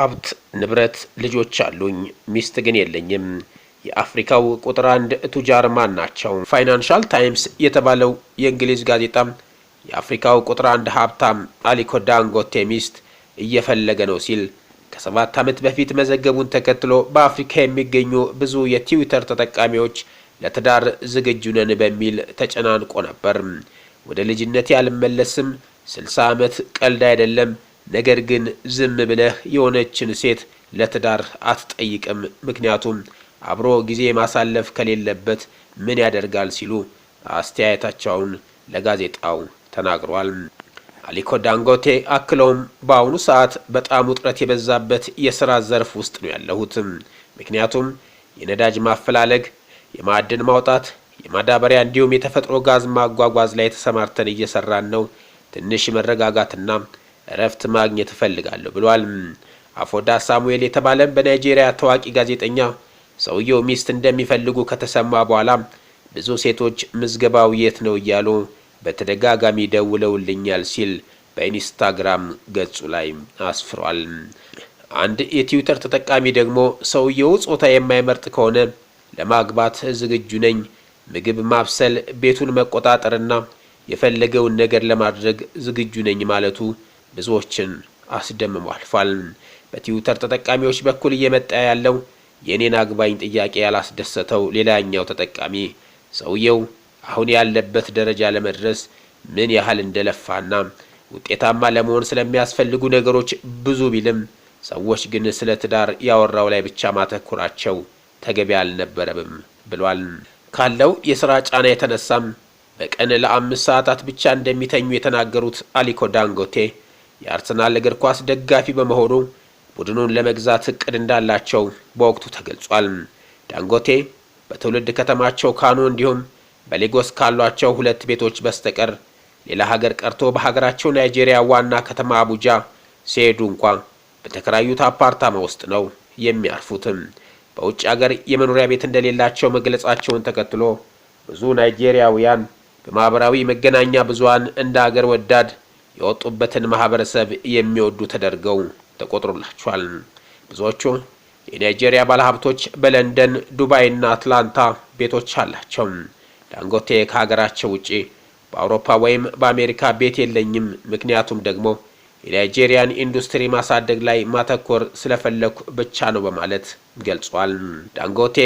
ሀብት፣ ንብረት፣ ልጆች አሉኝ። ሚስት ግን የለኝም። የአፍሪካው ቁጥር አንድ ቱጃር ማን ናቸው? ፋይናንሻል ታይምስ የተባለው የእንግሊዝ ጋዜጣ የአፍሪካው ቁጥር አንድ ሀብታም አሊኮ ዳንጎቴ ሚስት እየፈለገ ነው ሲል ከሰባት ዓመት በፊት መዘገቡን ተከትሎ በአፍሪካ የሚገኙ ብዙ የትዊተር ተጠቃሚዎች ለትዳር ዝግጁ ነን በሚል ተጨናንቆ ነበር። ወደ ልጅነቴ አልመለስም፣ ስልሳ ዓመት ቀልድ አይደለም ነገር ግን ዝም ብለህ የሆነችን ሴት ለትዳር አትጠይቅም፣ ምክንያቱም አብሮ ጊዜ ማሳለፍ ከሌለበት ምን ያደርጋል ሲሉ አስተያየታቸውን ለጋዜጣው ተናግሯል። አሊኮ ዳንጎቴ አክለውም በአሁኑ ሰዓት በጣም ውጥረት የበዛበት የሥራ ዘርፍ ውስጥ ነው ያለሁት፣ ምክንያቱም የነዳጅ ማፈላለግ፣ የማዕድን ማውጣት፣ የማዳበሪያ እንዲሁም የተፈጥሮ ጋዝ ማጓጓዝ ላይ ተሰማርተን እየሰራን ነው። ትንሽ መረጋጋትና እረፍት ማግኘት እፈልጋለሁ ብሏል። አፎዳ ሳሙኤል የተባለ በናይጄሪያ ታዋቂ ጋዜጠኛ ሰውየው ሚስት እንደሚፈልጉ ከተሰማ በኋላ ብዙ ሴቶች ምዝገባው የት ነው እያሉ በተደጋጋሚ ደውለውልኛል ሲል በኢንስታግራም ገጹ ላይ አስፍሯል። አንድ የትዊተር ተጠቃሚ ደግሞ ሰውየው ጾታ የማይመርጥ ከሆነ ለማግባት ዝግጁ ነኝ፣ ምግብ ማብሰል፣ ቤቱን መቆጣጠርና የፈለገውን ነገር ለማድረግ ዝግጁ ነኝ ማለቱ ብዙዎችን አስደምሞ አልፏል። በትዊተር ተጠቃሚዎች በኩል እየመጣ ያለው የእኔን አግባኝ ጥያቄ ያላስደሰተው ሌላኛው ተጠቃሚ ሰውየው አሁን ያለበት ደረጃ ለመድረስ ምን ያህል እንደለፋና ውጤታማ ለመሆን ስለሚያስፈልጉ ነገሮች ብዙ ቢልም ሰዎች ግን ስለ ትዳር ያወራው ላይ ብቻ ማተኩራቸው ተገቢ አልነበረብም ብሏል። ካለው የሥራ ጫና የተነሳም በቀን ለአምስት ሰዓታት ብቻ እንደሚተኙ የተናገሩት አሊኮ ዳንጎቴ የአርሰናል እግር ኳስ ደጋፊ በመሆኑ ቡድኑን ለመግዛት እቅድ እንዳላቸው በወቅቱ ተገልጿል። ዳንጎቴ በትውልድ ከተማቸው ካኖ እንዲሁም በሌጎስ ካሏቸው ሁለት ቤቶች በስተቀር ሌላ ሀገር ቀርቶ በሀገራቸው ናይጄሪያ ዋና ከተማ አቡጃ ሲሄዱ እንኳ በተከራዩት አፓርታማ ውስጥ ነው የሚያርፉትም። በውጭ ሀገር የመኖሪያ ቤት እንደሌላቸው መግለጻቸውን ተከትሎ ብዙ ናይጄሪያውያን በማህበራዊ መገናኛ ብዙሃን እንደ ሀገር ወዳድ የወጡበትን ማህበረሰብ የሚወዱ ተደርገው ተቆጥሮላቸዋል። ብዙዎቹ የናይጄሪያ ባለሀብቶች በለንደን ዱባይና አትላንታ ቤቶች አላቸው። ዳንጎቴ ከሀገራቸው ውጪ በአውሮፓ ወይም በአሜሪካ ቤት የለኝም፣ ምክንያቱም ደግሞ የናይጄሪያን ኢንዱስትሪ ማሳደግ ላይ ማተኮር ስለፈለኩ ብቻ ነው በማለት ገልጿል። ዳንጎቴ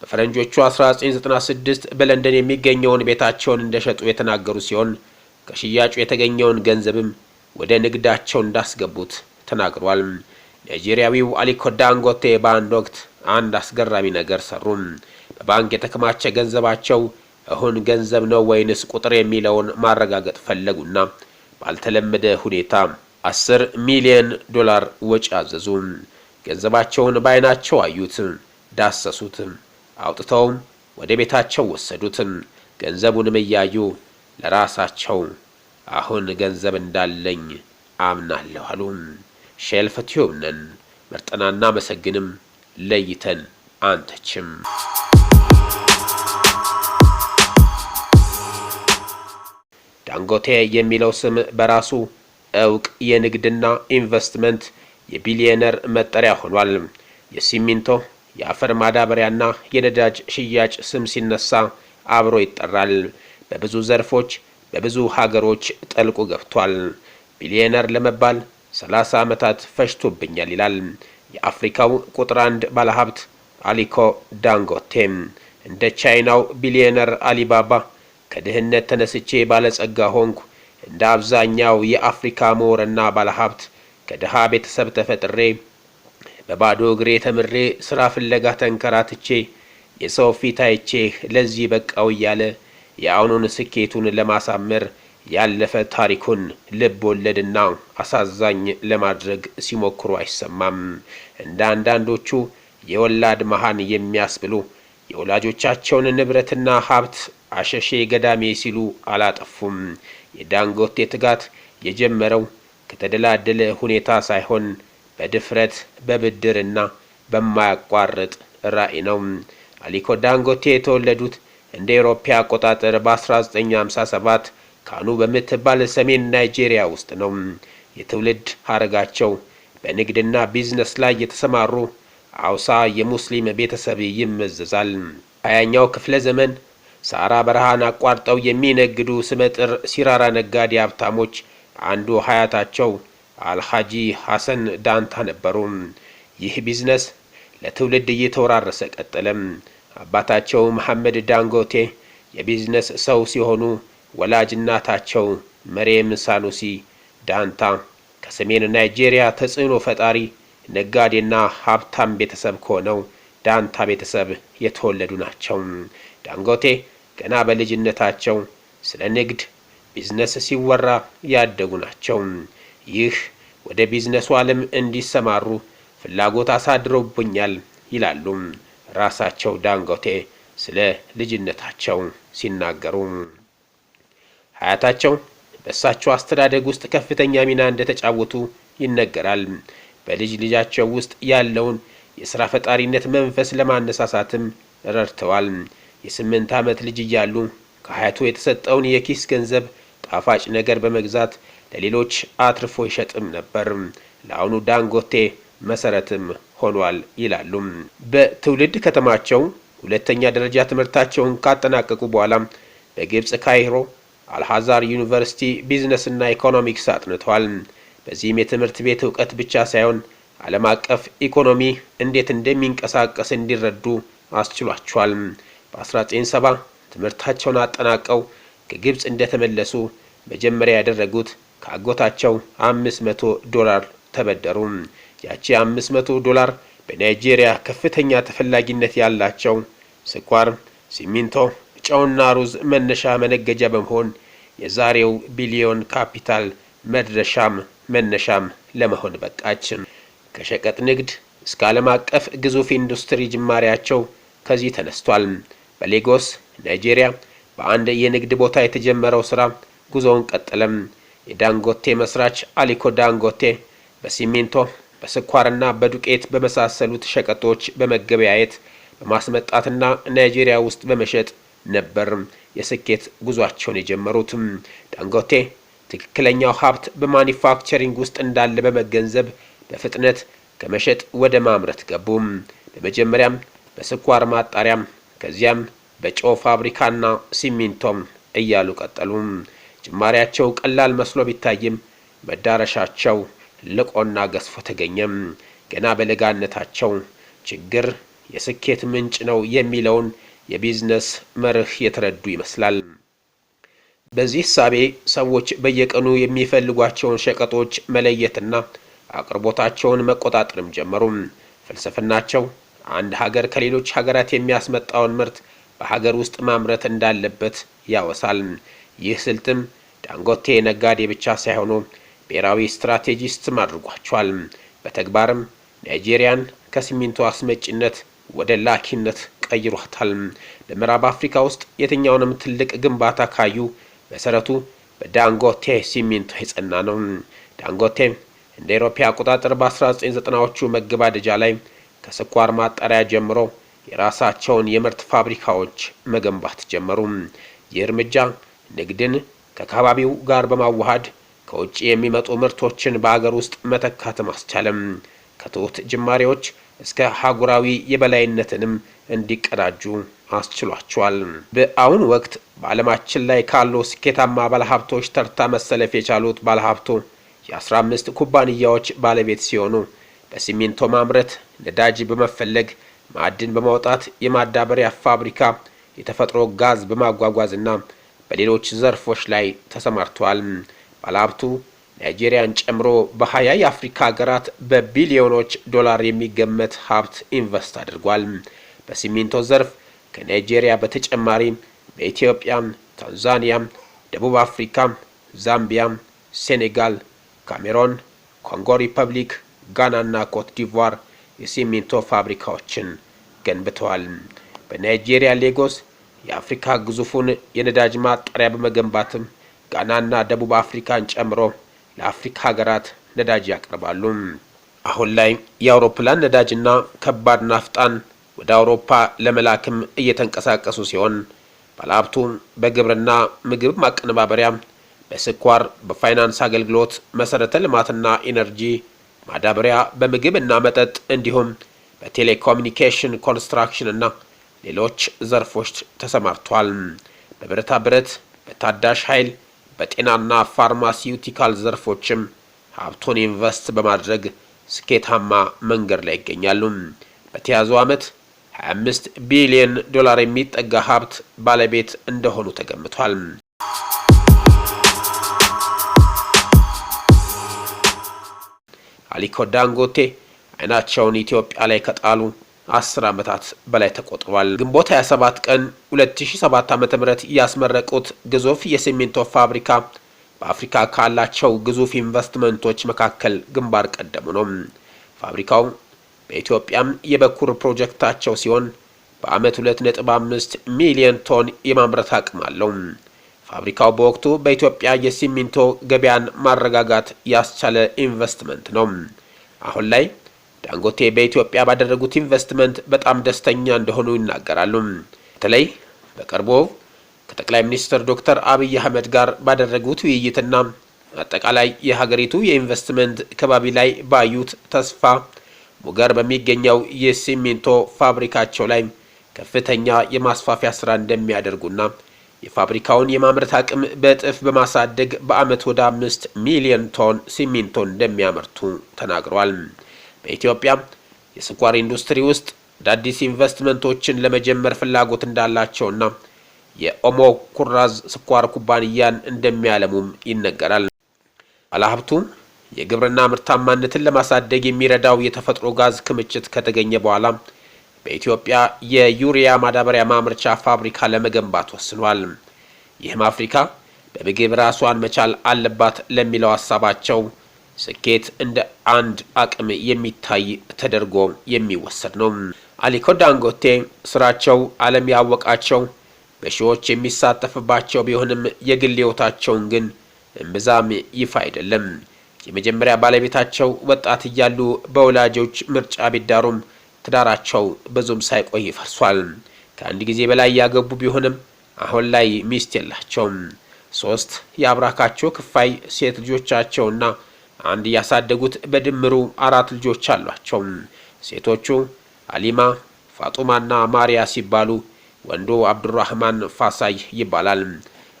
በፈረንጆቹ 1996 በለንደን የሚገኘውን ቤታቸውን እንደሸጡ የተናገሩ ሲሆን ከሽያጩ የተገኘውን ገንዘብም ወደ ንግዳቸው እንዳስገቡት ተናግሯል። ናይጄሪያዊው አሊኮ ዳንጎቴ በአንድ ወቅት አንድ አስገራሚ ነገር ሰሩ በባንክ የተከማቸ ገንዘባቸው እሁን ገንዘብ ነው ወይንስ ቁጥር የሚለውን ማረጋገጥ ፈለጉና ባልተለመደ ሁኔታ አስር ሚሊዮን ዶላር ወጪ አዘዙ። ገንዘባቸውን በዓይናቸው አዩት፣ ዳሰሱት፣ አውጥተውም ወደ ቤታቸው ወሰዱት። ገንዘቡንም እያዩ ለራሳቸው አሁን ገንዘብ እንዳለኝ አምናለሁ አሉ። ሼልፈትዮም ነን መርጠናና መሰግንም ለይተን አንተችም ዳንጎቴ የሚለው ስም በራሱ እውቅ የንግድና ኢንቨስትመንት የቢሊየነር መጠሪያ ሆኗል። የሲሚንቶ የአፈር ማዳበሪያና የነዳጅ ሽያጭ ስም ሲነሳ አብሮ ይጠራል። በብዙ ዘርፎች በብዙ ሀገሮች ጠልቆ ገብቷል። ቢሊዮነር ለመባል 30 ዓመታት ፈጅቶብኛል ይላል የአፍሪካው ቁጥር አንድ ባለሀብት አሊኮ ዳንጎቴም። እንደ ቻይናው ቢሊዮነር አሊባባ ከድህነት ተነስቼ ባለጸጋ ሆንኩ። እንደ አብዛኛው የአፍሪካ ምሁርና ባለሀብት ከድሃ ቤተሰብ ተፈጥሬ በባዶ እግሬ ተምሬ ስራ ፍለጋ ተንከራትቼ የሰው ፊት አይቼ ለዚህ በቃው እያለ የአሁኑን ስኬቱን ለማሳመር ያለፈ ታሪኩን ልብ ወለድና አሳዛኝ ለማድረግ ሲሞክሩ አይሰማም። እንደ አንዳንዶቹ የወላድ መሃን የሚያስብሉ የወላጆቻቸውን ንብረትና ሀብት አሸሼ ገዳሜ ሲሉ አላጠፉም። የዳንጎቴ ትጋት የጀመረው ከተደላደለ ሁኔታ ሳይሆን በድፍረት በብድርና በማያቋርጥ ራዕይ ነው። አሊኮ ዳንጎቴ የተወለዱት እንደ ኤሮፓ አቆጣጠር በ1957 ካኑ በምትባል ሰሜን ናይጄሪያ ውስጥ ነው። የትውልድ ሀረጋቸው በንግድና ቢዝነስ ላይ የተሰማሩ አውሳ የሙስሊም ቤተሰብ ይመዘዛል። ሀያኛው ክፍለ ዘመን ሳራ በረሃን አቋርጠው የሚነግዱ ስመጥር ሲራራ ነጋዴ ሀብታሞች አንዱ ሀያታቸው አልሐጂ ሐሰን ዳንታ ነበሩ። ይህ ቢዝነስ ለትውልድ እየተወራረሰ ቀጠለም። አባታቸው መሐመድ ዳንጎቴ የቢዝነስ ሰው ሲሆኑ ወላጅ እናታቸው መሬም ሳኑሲ ዳንታ ከሰሜን ናይጄሪያ ተጽዕኖ ፈጣሪ ነጋዴና ሀብታም ቤተሰብ ከሆነው ዳንታ ቤተሰብ የተወለዱ ናቸው። ዳንጎቴ ገና በልጅነታቸው ስለ ንግድ ቢዝነስ ሲወራ ያደጉ ናቸው። ይህ ወደ ቢዝነሱ ዓለም እንዲሰማሩ ፍላጎት አሳድረውብኛል ይላሉ። ራሳቸው ዳንጎቴ ስለ ልጅነታቸው ሲናገሩ ሀያታቸው በእሳቸው አስተዳደግ ውስጥ ከፍተኛ ሚና እንደተጫወቱ ይነገራል። በልጅ ልጃቸው ውስጥ ያለውን የሥራ ፈጣሪነት መንፈስ ለማነሳሳትም ረድተዋል። የስምንት ዓመት ልጅ እያሉ ከሀያቱ የተሰጠውን የኪስ ገንዘብ ጣፋጭ ነገር በመግዛት ለሌሎች አትርፎ ይሸጥም ነበር። ለአሁኑ ዳንጎቴ መሰረትም ሆኗል ይላሉ በትውልድ ከተማቸው ሁለተኛ ደረጃ ትምህርታቸውን ካጠናቀቁ በኋላ በግብፅ ካይሮ አልሐዛር ዩኒቨርሲቲ ቢዝነስና ኢኮኖሚክስ አጥንተዋል። በዚህም የትምህርት ቤት እውቀት ብቻ ሳይሆን ዓለም አቀፍ ኢኮኖሚ እንዴት እንደሚንቀሳቀስ እንዲረዱ አስችሏቸዋል። በ1970 ትምህርታቸውን አጠናቀው ከግብፅ እንደተመለሱ መጀመሪያ ያደረጉት ከአጎታቸው 500 ዶላር ተበደሩ። ያቺ 500 ዶላር በናይጄሪያ ከፍተኛ ተፈላጊነት ያላቸው ስኳር፣ ሲሚንቶ፣ ጨውና ሩዝ መነሻ መነገጃ በመሆን የዛሬው ቢሊዮን ካፒታል መድረሻም መነሻም ለመሆን በቃች። ከሸቀጥ ንግድ እስከ ዓለም አቀፍ ግዙፍ ኢንዱስትሪ ጅማሬያቸው ከዚህ ተነስቷል። በሌጎስ ናይጄሪያ በአንድ የንግድ ቦታ የተጀመረው ስራ ጉዞውን ቀጠለም። የዳንጎቴ መስራች አሊኮ ዳንጎቴ በሲሚንቶ በስኳርና በዱቄት በመሳሰሉት ሸቀጦች በመገበያየት በማስመጣትና ናይጄሪያ ውስጥ በመሸጥ ነበር የስኬት ጉዟቸውን የጀመሩት ዳንጎቴ ትክክለኛው ሀብት በማኒፋክቸሪንግ ውስጥ እንዳለ በመገንዘብ በፍጥነት ከመሸጥ ወደ ማምረት ገቡ በመጀመሪያም በስኳር ማጣሪያም፣ ከዚያም በጨው ፋብሪካና ሲሚንቶም እያሉ ቀጠሉ። ጅማሬያቸው ቀላል መስሎ ቢታይም መዳረሻቸው ልቆና ገዝፎ ተገኘም። ገና በለጋነታቸው ችግር የስኬት ምንጭ ነው የሚለውን የቢዝነስ መርህ የተረዱ ይመስላል። በዚህ ሳቤ ሰዎች በየቀኑ የሚፈልጓቸውን ሸቀጦች መለየትና አቅርቦታቸውን መቆጣጠርም ጀመሩ። ፍልስፍናቸው አንድ ሀገር ከሌሎች ሀገራት የሚያስመጣውን ምርት በሀገር ውስጥ ማምረት እንዳለበት ያወሳል። ይህ ስልትም ዳንጎቴ ነጋዴ ብቻ ሳይሆኑ ብሔራዊ ስትራቴጂስትም አድርጓቸዋል። በተግባርም ናይጄሪያን ከሲሚንቶ አስመጪነት ወደ ላኪነት ቀይሯታል። በምዕራብ አፍሪካ ውስጥ የትኛውንም ትልቅ ግንባታ ካዩ መሰረቱ በዳንጎቴ ሲሚንቶ የጸና ነው። ዳንጎቴ እንደ አውሮፓ አቆጣጠር በ1990ዎቹ መገባደጃ ላይ ከስኳር ማጣሪያ ጀምሮ የራሳቸውን የምርት ፋብሪካዎች መገንባት ጀመሩ። ይህ እርምጃ ንግድን ከአካባቢው ጋር በማዋሃድ ከውጭ የሚመጡ ምርቶችን በአገር ውስጥ መተካት ማስቻለም ከትሑት ጅማሬዎች እስከ ሀጉራዊ የበላይነትንም እንዲቀዳጁ አስችሏቸዋል። በአሁን ወቅት በዓለማችን ላይ ካሉ ስኬታማ ባለሀብቶች ተርታ መሰለፍ የቻሉት ባለሀብቱ የ15 ኩባንያዎች ባለቤት ሲሆኑ በሲሚንቶ ማምረት፣ ነዳጅ በመፈለግ፣ ማዕድን በማውጣት፣ የማዳበሪያ ፋብሪካ፣ የተፈጥሮ ጋዝ በማጓጓዝና በሌሎች ዘርፎች ላይ ተሰማርተዋል። ባለሀብቱ ናይጄሪያን ጨምሮ በሀያ የአፍሪካ ሀገራት በቢሊዮኖች ዶላር የሚገመት ሀብት ኢንቨስት አድርጓል። በሲሚንቶ ዘርፍ ከናይጄሪያ በተጨማሪ በኢትዮጵያ፣ ታንዛኒያ፣ ደቡብ አፍሪካ፣ ዛምቢያ፣ ሴኔጋል፣ ካሜሮን፣ ኮንጎ ሪፐብሊክ፣ ጋና ና ኮት ዲቯር የሲሚንቶ ፋብሪካዎችን ገንብተዋል። በናይጄሪያ ሌጎስ የአፍሪካ ግዙፉን የነዳጅ ማጣሪያ በመገንባትም ጋናና ደቡብ አፍሪካን ጨምሮ ለአፍሪካ ሀገራት ነዳጅ ያቀርባሉ። አሁን ላይ የአውሮፕላን ነዳጅና ከባድ ናፍጣን ወደ አውሮፓ ለመላክም እየተንቀሳቀሱ ሲሆን ባለሀብቱ በግብርና ምግብ ማቀነባበሪያ፣ በስኳር፣ በፋይናንስ አገልግሎት፣ መሰረተ ልማትና ኢነርጂ፣ ማዳበሪያ፣ በምግብ እና መጠጥ እንዲሁም በቴሌኮሚኒኬሽን ኮንስትራክሽን እና ሌሎች ዘርፎች ተሰማርቷል። በብረታ ብረት፣ በታዳሽ ኃይል በጤናና ፋርማሲውቲካል ዘርፎችም ሀብቱን ኢንቨስት በማድረግ ስኬታማ መንገድ ላይ ይገኛሉ። በተያዘው ዓመት 25 ቢሊዮን ዶላር የሚጠጋ ሀብት ባለቤት እንደሆኑ ተገምቷል። አሊኮ ዳንጎቴ አይናቸውን ኢትዮጵያ ላይ ከጣሉ አስር ዓመታት በላይ ተቆጥሯል። ግንቦት 27 ቀን 2007 ዓ.ም ያስመረቁት ግዙፍ የሲሚንቶ ፋብሪካ በአፍሪካ ካላቸው ግዙፍ ኢንቨስትመንቶች መካከል ግንባር ቀደሙ ነው። ፋብሪካው በኢትዮጵያም የበኩር ፕሮጀክታቸው ሲሆን በዓመት 2.5 ሚሊዮን ቶን የማምረት አቅም አለው። ፋብሪካው በወቅቱ በኢትዮጵያ የሲሚንቶ ገበያን ማረጋጋት ያስቻለ ኢንቨስትመንት ነው። አሁን ላይ ዳንጎቴ በኢትዮጵያ ባደረጉት ኢንቨስትመንት በጣም ደስተኛ እንደሆኑ ይናገራሉ። በተለይ በቅርቡ ከጠቅላይ ሚኒስትር ዶክተር አብይ አህመድ ጋር ባደረጉት ውይይትና አጠቃላይ የሀገሪቱ የኢንቨስትመንት ከባቢ ላይ ባዩት ተስፋ ሙገር በሚገኘው የሲሚንቶ ፋብሪካቸው ላይ ከፍተኛ የማስፋፊያ ስራ እንደሚያደርጉና የፋብሪካውን የማምረት አቅም በእጥፍ በማሳደግ በአመት ወደ አምስት ሚሊዮን ቶን ሲሚንቶ እንደሚያመርቱ ተናግሯል። በኢትዮጵያ የስኳር ኢንዱስትሪ ውስጥ አዳዲስ ኢንቨስትመንቶችን ለመጀመር ፍላጎት እንዳላቸውና የኦሞ ኩራዝ ስኳር ኩባንያን እንደሚያለሙም ይነገራል። ባለሀብቱ የግብርና ምርታማነትን ለማሳደግ የሚረዳው የተፈጥሮ ጋዝ ክምችት ከተገኘ በኋላ በኢትዮጵያ የዩሪያ ማዳበሪያ ማምረቻ ፋብሪካ ለመገንባት ወስኗል። ይህም አፍሪካ በምግብ ራሷን መቻል አለባት ለሚለው ሀሳባቸው ስኬት እንደ አንድ አቅም የሚታይ ተደርጎ የሚወሰድ ነው። አሊኮ ዳንጎቴ ስራቸው ዓለም ያወቃቸው በሺዎች የሚሳተፍባቸው ቢሆንም የግል ሕይወታቸውን ግን እምብዛም ይፋ አይደለም። የመጀመሪያ ባለቤታቸው ወጣት እያሉ በወላጆች ምርጫ ቢዳሩም ትዳራቸው ብዙም ሳይቆይ ፈርሷል። ከአንድ ጊዜ በላይ ያገቡ ቢሆንም አሁን ላይ ሚስት የላቸውም። ሶስት የአብራካቸው ክፋይ ሴት ልጆቻቸውና አንድ ያሳደጉት በድምሩ አራት ልጆች አሏቸው። ሴቶቹ አሊማ፣ ፋጡማና ማሪያ ሲባሉ ወንዱ አብዱራህማን ፋሳይ ይባላል።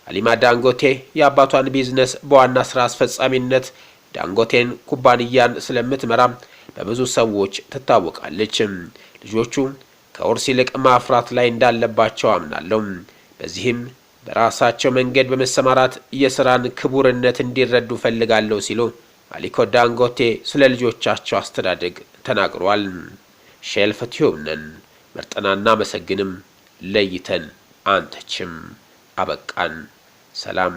አሊማ ዳንጎቴ የአባቷን ቢዝነስ በዋና ስራ አስፈጻሚነት ዳንጎቴን ኩባንያን ስለምትመራ በብዙ ሰዎች ትታወቃለች። ልጆቹ ከውርስ ይልቅ ማፍራት ላይ እንዳለባቸው አምናለሁ። በዚህም በራሳቸው መንገድ በመሰማራት የስራን ክቡርነት እንዲረዱ ፈልጋለሁ ሲሉ አሊኮ ዳንጎቴ ስለ ልጆቻቸው አስተዳደግ ተናግሯል። ሼልፍ ቲዩብ መርጠናና መሰግንም ለይተን አንተችም አበቃን። ሰላም